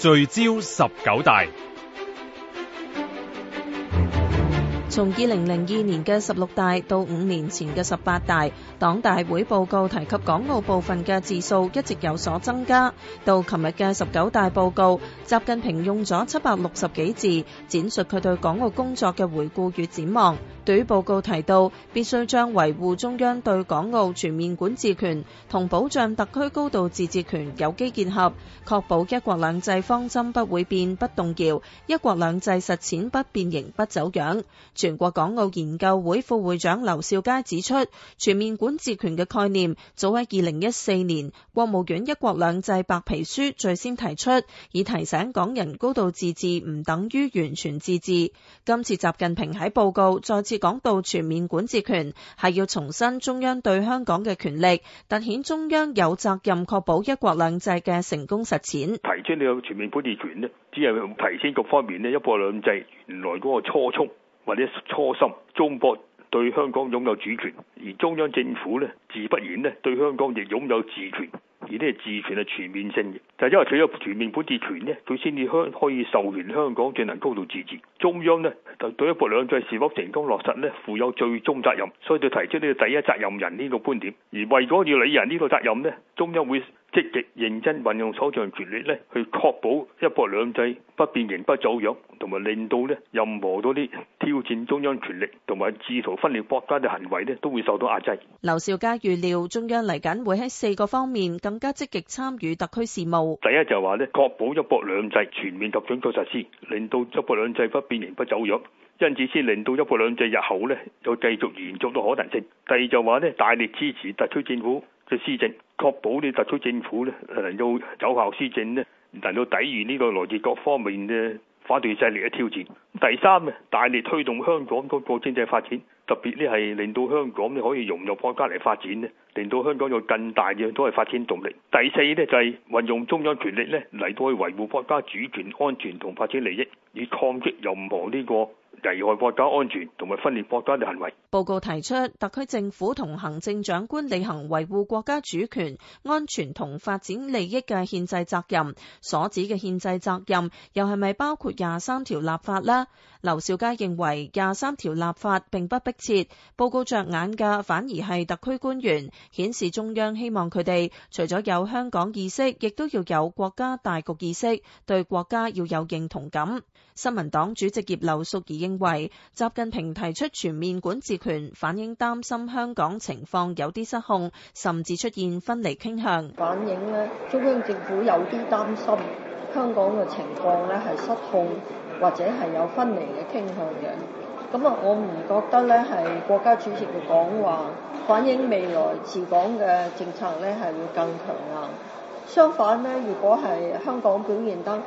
聚焦十九大。從二零零二年嘅十六大到五年前嘅十八大，黨大會報告提及港澳部分嘅字數一直有所增加。到琴日嘅十九大報告，習近平用咗七百六十幾字，展述佢對港澳工作嘅回顧與展望。對於報告提到，必須將維護中央對港澳全面管治權同保障特區高度自治權有機結合，確保一國兩制方針不會變，不動搖，一國兩制實踐不變形，不走樣。全國港澳研究會副會長劉少佳指出，全面管治權嘅概念早喺二零一四年國務院《一國兩制》白皮書最先提出，以提醒港人高度自治唔等於完全自治。今次習近平喺報告再次次講到全面管治權，係要重申中央對香港嘅權力，凸顯中央有責任確保一國兩制嘅成功實踐。提出呢個全面管治權呢只係提升各方面呢一國兩制原來嗰個初衷或者初心，中國對香港擁有主權，而中央政府呢，自不然咧對香港亦擁有治權。.而呢個治權係全面性嘅，就係因為佢有全面管治權呢，佢先至香可以授權香港進行高度自治。中央呢對一國兩制是否成功落實呢，負有最終責任，所以就提出呢個第一責任人呢個觀點。而為咗要履行呢個責任呢，中央會，積極認真運用所掌權力咧，去確保一國兩制不變形，不走樣，同埋令到咧任何多啲挑戰中央權力同埋試圖分裂國家嘅行為咧，都會受到壓制。劉兆佳預料中央嚟緊會喺四個方面更加積極參與特區事務。第一就係話咧，確保一國兩制全面及準確實施，令到一國兩制不變形，不走樣，因此先令到一國兩制日後咧有繼續延續到可能性。第二就話咧，大力支持特區政府嘅施政。確保你特區政府咧能夠有效施政咧，能夠抵禦呢個來自各方面嘅反對勢力嘅挑戰。第三咧，大力推動香港嗰個經濟發展，特別咧係令到香港可以融入國家嚟發展咧，令到香港有更大嘅都係發展動力。第四咧就係、是、運用中央權力咧嚟到去維護國家主權、安全同發展利益，以抗擊任何呢、這個。危害國家安全同埋分裂國家嘅行為。報告提出，特區政府同行政長官履行維護國家主權、安全同發展利益嘅憲制責任。所指嘅憲制責任，又係咪包括廿三條立法呢？劉兆佳認為，廿三條立法並不迫切。報告着眼嘅，反而係特區官員顯示中央希望佢哋除咗有香港意識，亦都要有國家大局意識，對國家要有認同感。新民黨主席葉劉淑儀應認為習近平提出全面管治權，反映擔心香港情況有啲失控，甚至出現分離傾向。反映咧，中央政府有啲擔心香港嘅情況咧係失控，或者係有分離嘅傾向嘅。咁啊，我唔覺得咧係國家主席嘅講話反映未來治港嘅政策咧係會更強硬。相反咧，如果係香港表現得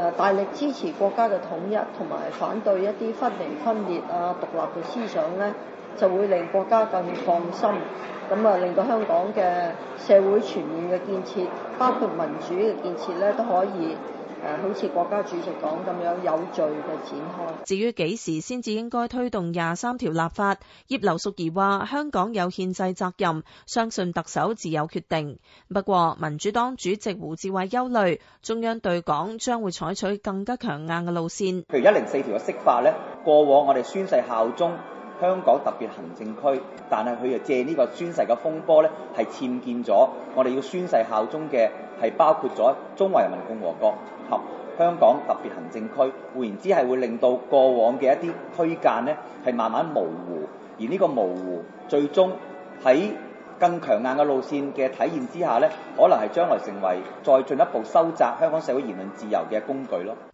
誒，大力支持國家嘅統一，同埋反對一啲分離、分裂啊、獨立嘅思想咧，就會令國家更放心，咁啊令到香港嘅社會全面嘅建設，包括民主嘅建設咧，都可以。誒，好似國家主席講咁樣有序嘅展開。至於幾時先至應該推動廿三條立法，葉劉淑儀話香港有憲制責任，相信特首自有決定。不過民主黨主席胡志偉憂慮，中央對港將會採取更加強硬嘅路線。譬如一零四條嘅釋法呢，過往我哋宣誓效忠。香港特別行政區，但係佢又借呢個宣誓嘅風波呢，係僭建咗我哋要宣誓效忠嘅，係包括咗中華人民共和國及香港特別行政區。換言之，係會令到過往嘅一啲區間呢，係慢慢模糊，而呢個模糊最終喺更強硬嘅路線嘅體現之下呢，可能係將來成為再進一步收窄香港社會言論自由嘅工具咯。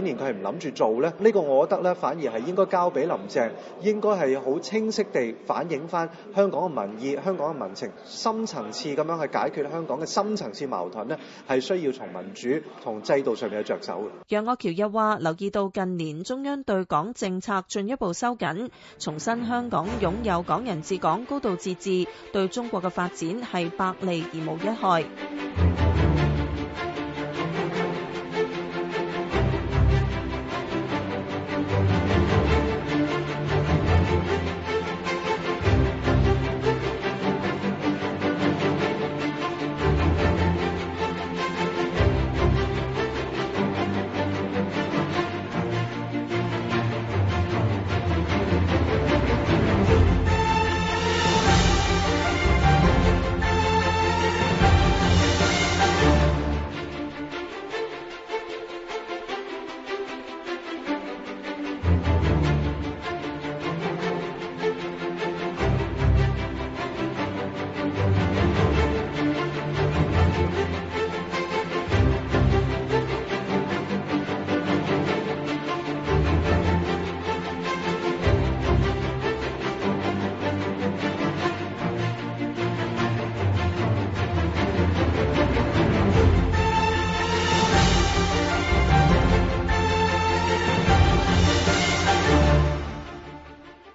年佢唔諗住做呢，呢、呢個我覺得呢，反而係應該交俾林鄭，應該係好清晰地反映翻香港嘅民意、香港嘅民情，深層次咁樣去解決香港嘅深層次矛盾呢，係需要從民主同制度上面去着手。楊岳橋又話：留意到近年中央對港政策進一步收緊，重申香港擁有港人治港、高度自治，對中國嘅發展係百利而無一害。